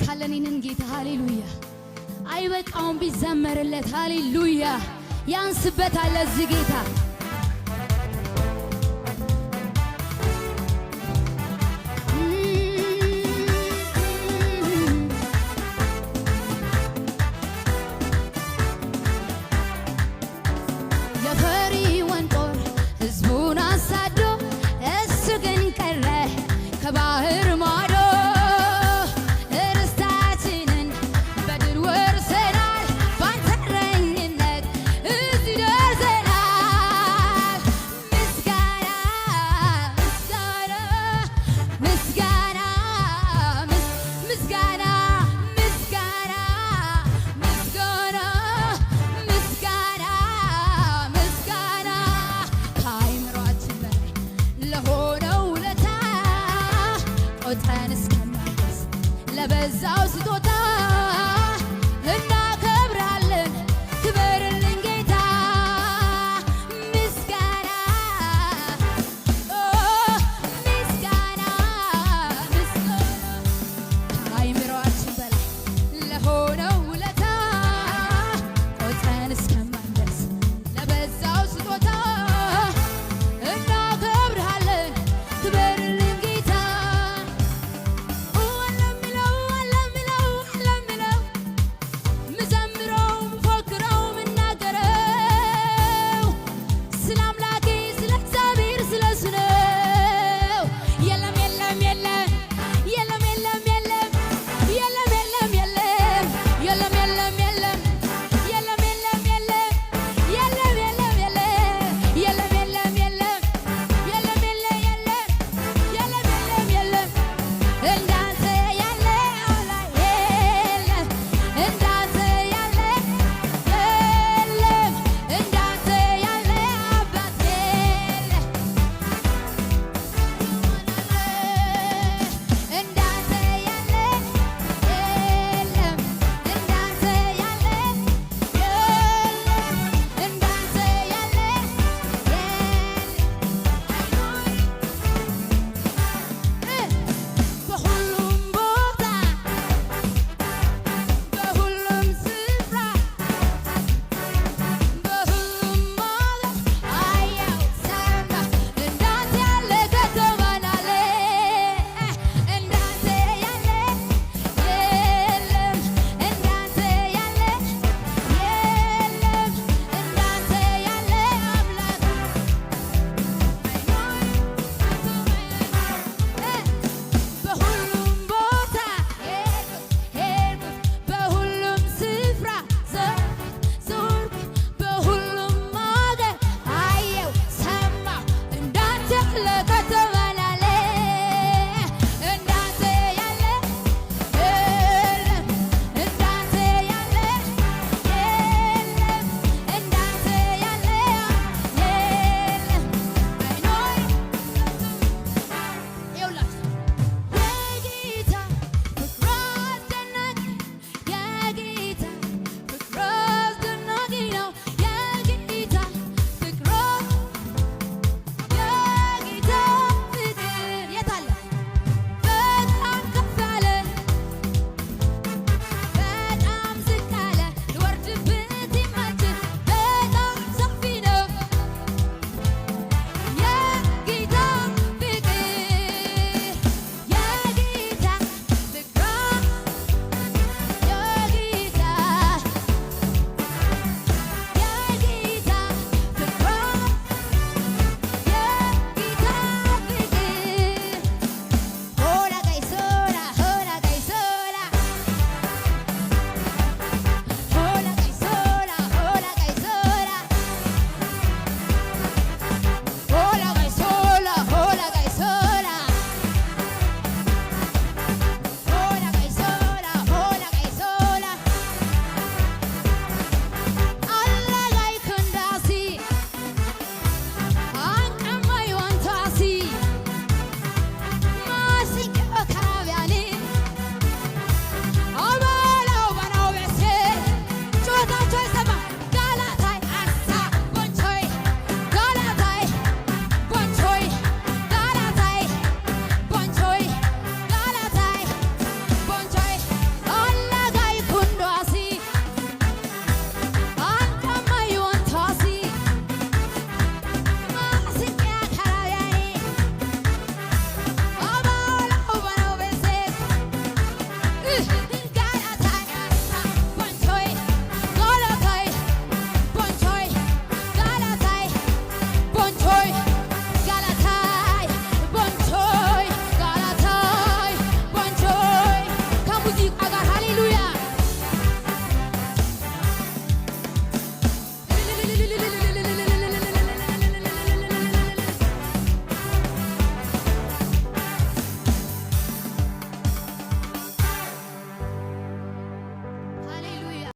የተካለኔንን ጌታ ሃሌሉያ አይበቃውም ቢዘመርለት ሃሌሉያ ያንስበታል ለዚህ ጌታ ሮጠን እስከናደርስ ለበዛው ስጦታ